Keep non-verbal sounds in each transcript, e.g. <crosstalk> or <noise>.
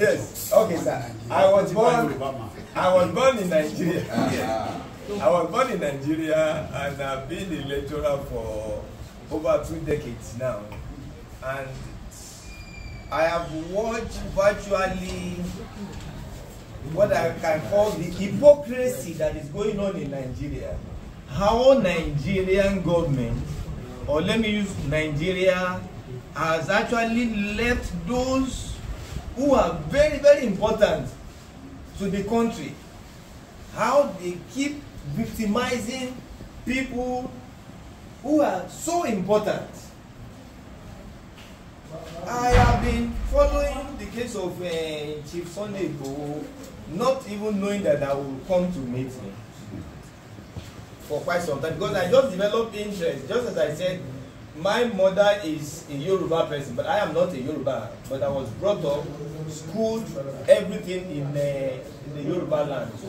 Yes. Okay, sir. I was born. I was born in Nigeria. <laughs> I was born in Nigeria, and I've been a lecturer for over two decades now, and I have watched virtually what I can call the hypocrisy that is going on in Nigeria. How Nigerian government, or let me use Nigeria, has actually left those who are very, very important to the country, how they keep victimizing people who are so important. I have been following the case of uh, Chief Sunday Igboho, not even knowing that I will come to meet him for quite some time because I just developed interest, just as I said my mother is a Yoruba person, but I am not a Yoruba. But I was brought up, schooled, everything in the, uh, in the Yoruba land. So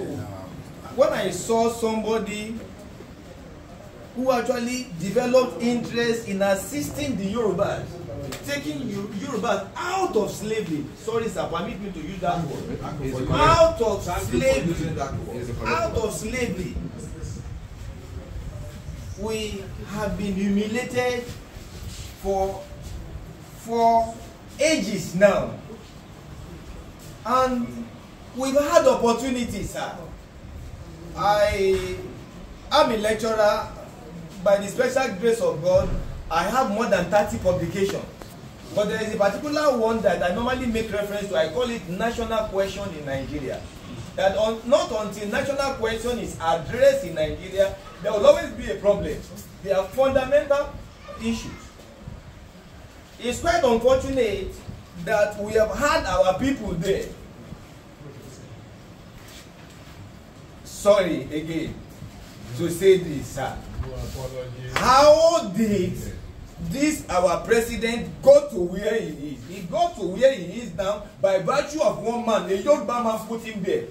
when I saw somebody who actually developed interest in assisting the Yorubas, taking Yorubas out of slavery. Sorry, sir, permit me to use that word. Out of slavery. Out of slavery. We have been humiliated for, for ages now. And we've had opportunities, sir. I am a lecturer. By the special grace of God, I have more than 30 publications. But there is a particular one that I normally make reference to. I call it National Question in Nigeria. That on, not until national question is addressed in Nigeria, there will always be a problem. There are fundamental issues. It's quite unfortunate that we have had our people there. Sorry again to say this, sir. How did this our president go to where he is? He got to where he is now by virtue of one man, the Yoruba man put him there.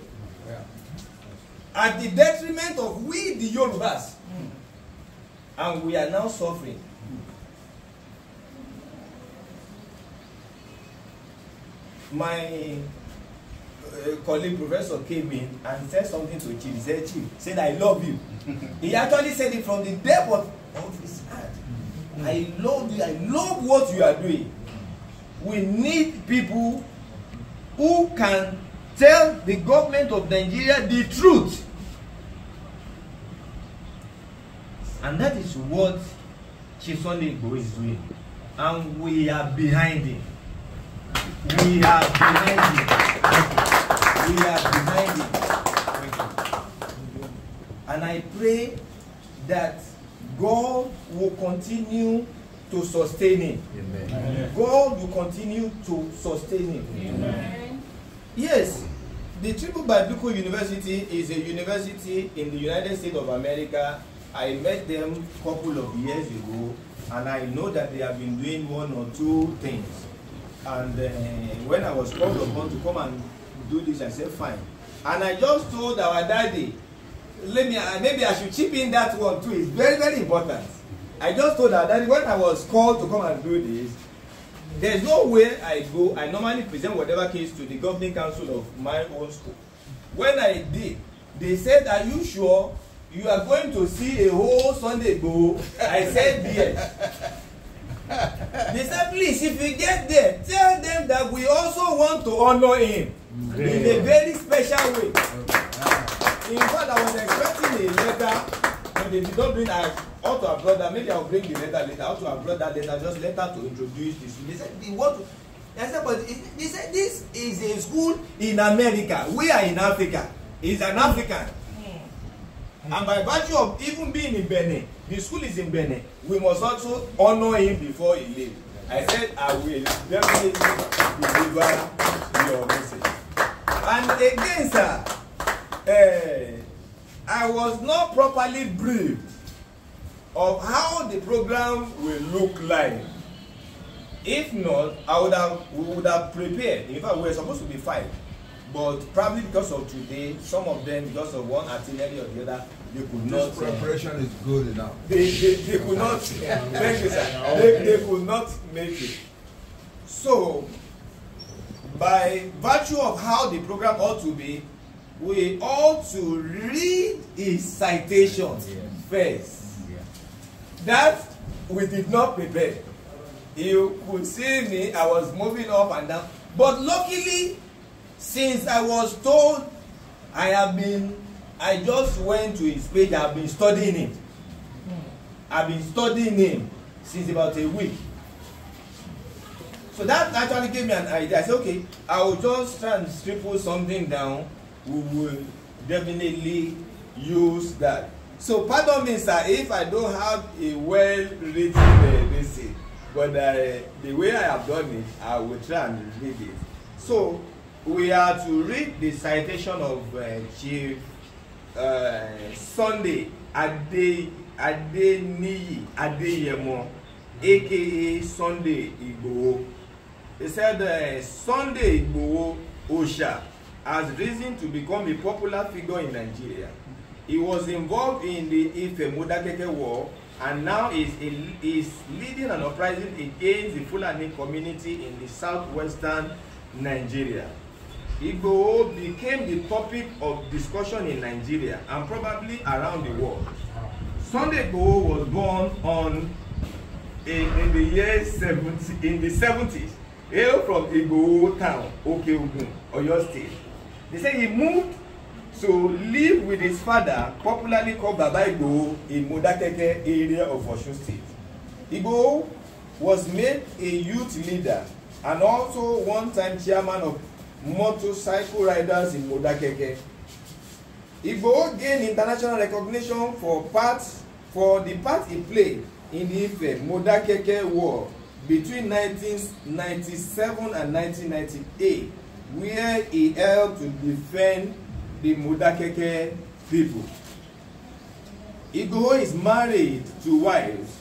At the detriment of we, the Yorubas. Mm. And we are now suffering. my uh, colleague professor came in and said something to chief he said chief said i love you <laughs> he actually said it from the depth of, of his heart i love you i love what you are doing we need people who can tell the government of nigeria the truth and that is what chief sunday igboho is doing and we are behind him We have to We have to And I pray that God will continue to sustain him. Amen. God will continue to sustain him. Amen. Yes, the Triple Biblical University is a university in the United States of America. I met them a couple of years ago, and I know that they have been doing one or two things. And uh, when I was called upon to come and do this, I said, fine. And I just told our daddy, let me, uh, maybe I should chip in that one too. It's very, very important. I just told our daddy when I was called to come and do this, there's no way I go. I normally present whatever case to the governing council of my own school. When I did, they said, Are you sure you are going to see a whole Sunday go? I said, Yes. They said, please, if we get there, tell them that we also want to honor him yeah. in a very special way. Okay. In fact, I was expecting a letter, but they did not bring. I ought to have brought that. Maybe I'll bring the letter later. I ought to have brought that letter, just letter to introduce this. They said, they want to. I said, but they said, this is a school in America. We are in Africa. He's an African. And by virtue of even being in Benin, the school is in Benin, we must also honor him before he leaves. I said, I will definitely deliver your message. And again, sir, eh, I was not properly briefed of how the program will look like. If not, I would have, we would have prepared. In fact, we were supposed to be five but probably because of today some of them because of one artillery or the other they could this not. this uh, preparation uh, is good enough. they they they could not <laughs> <laughs> thank you sir they they could not make it so by virtue of how the program ought to be we ought to read his citations yeah. first yeah. that we did not prepare you could see me i was moving up and down but luckily since i was told i have been i just went to his page i have been studying him i have been studying him since about a week so that actually gave me an idea i said okay i will just try and scribble something down we will definitely use that so pardon me sir if i don't have a well written uh, but uh, the way i have done it i will try and read it so we are to read the citation of uh, Chief uh, Sunday Ade Adeniyi Adeyemo aka Sunday Igboho he said uh, Sunday Igboho Osha has risen to become a popular figure in Nigeria he was involved in the Ife Modakeke war and now is a, is leading an uprising against the Fulani community in the southwestern Nigeria Igboho became the topic of discussion in Nigeria and probably around the world. Sunday Igboho was born on in, in the year 70 in the 70s, hail from Igboho town, Okeogun, Oyo State. They say he moved to live with his father, popularly called Baba Igboho, in Modakeke area of Osun State. Igboho was made a youth leader and also one-time chairman of motorcycle riders in Modakeke. Igboho gained international recognition for part for the part he played in the Ife Modakeke War between 1997 and 1998, where he helped to defend the Modakeke people. Igboho is married to wives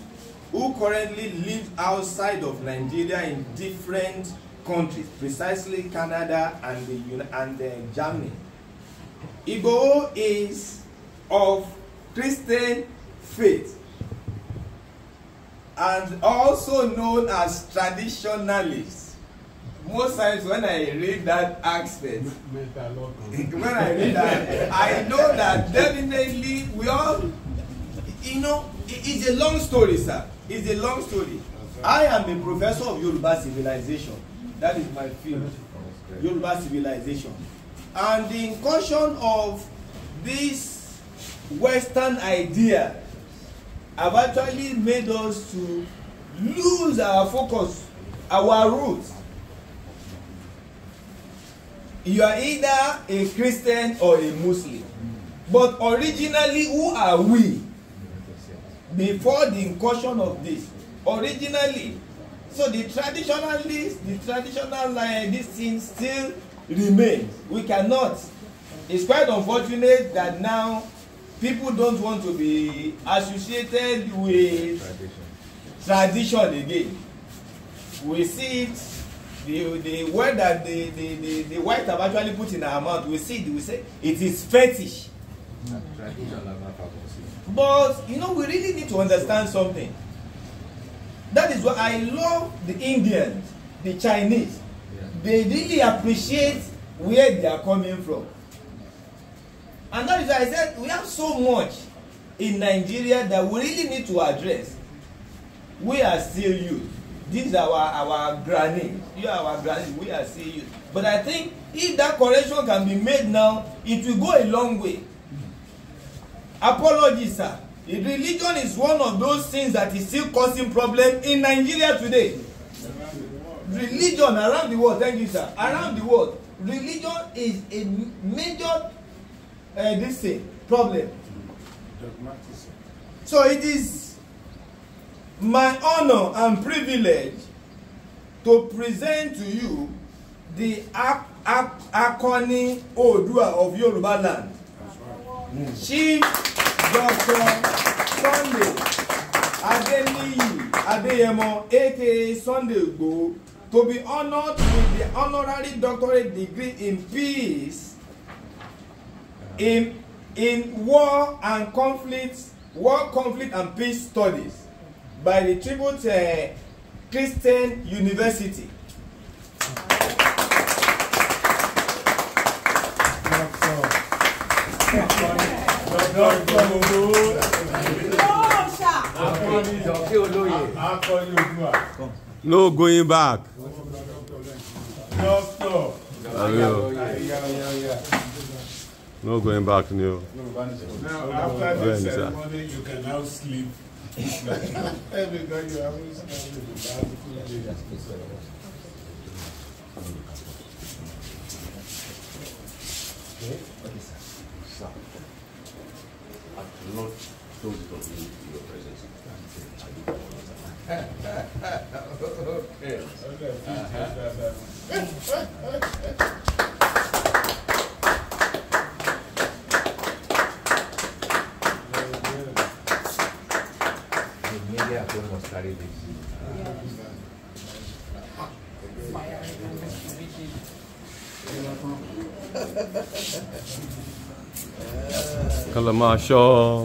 who currently live outside of Nigeria in different countries, precisely Canada and, the, and uh, Germany. Igbo is of Christian faith and also known as traditionalists. Most times when I read that aspect, <laughs> when I read that, I know that definitely we all, you know, it's a long story, sir. It's a long story. I am a professor of Yoruba civilization. That is my field, Yoruba civilization. And the incursion of this Western idea have actually made us to lose our focus, our roots. You are either a Christian or a Muslim. But originally, who are we? Before the incursion of this, originally, So the traditionalist, the traditional uh, these things still remain. We cannot. It's quite unfortunate that now people don't want to be associated with tradition, tradition again. We see it the the word that the the the, the white have actually put in our mouth we see it we say it is fetish. but you know we really need to understand something That is why I love the Indians, the Chinese. They really appreciate where they are coming from. And that is why I said we have so much in Nigeria that we really need to address. We are still youth. These are our, our granny. You are our granny. We are still youth. But I think if that correction can be made now, it will go a long way. Apologies, sir religion is one of those things that is still causing problem in Nigeria today religion around the world thank you sir around the world religion is a major uh, this thing problem so it is my honor and privilege to present to you the Ak Ak Akoni Odua of Yoruba land right. chief. Dr. Sunday Adeniyi Adeyemo aka Sunday Igboho to be honoured with the honorary doctorate degree in peace in in war and conflict war conflict and peace studies by the tribute uh, Christian University No going back. No going back, no. Now, after the ceremony, you can now sleep. because do not close it in your presence. okay. Okay. kán lọ máa ṣọ́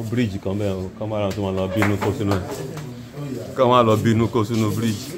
bíríìjì kan bẹ́ẹ̀ o kán má ra tó máa lọ bínú kó sínú ẹ̀ kán má lọ bínú kó sínú bíríìjì.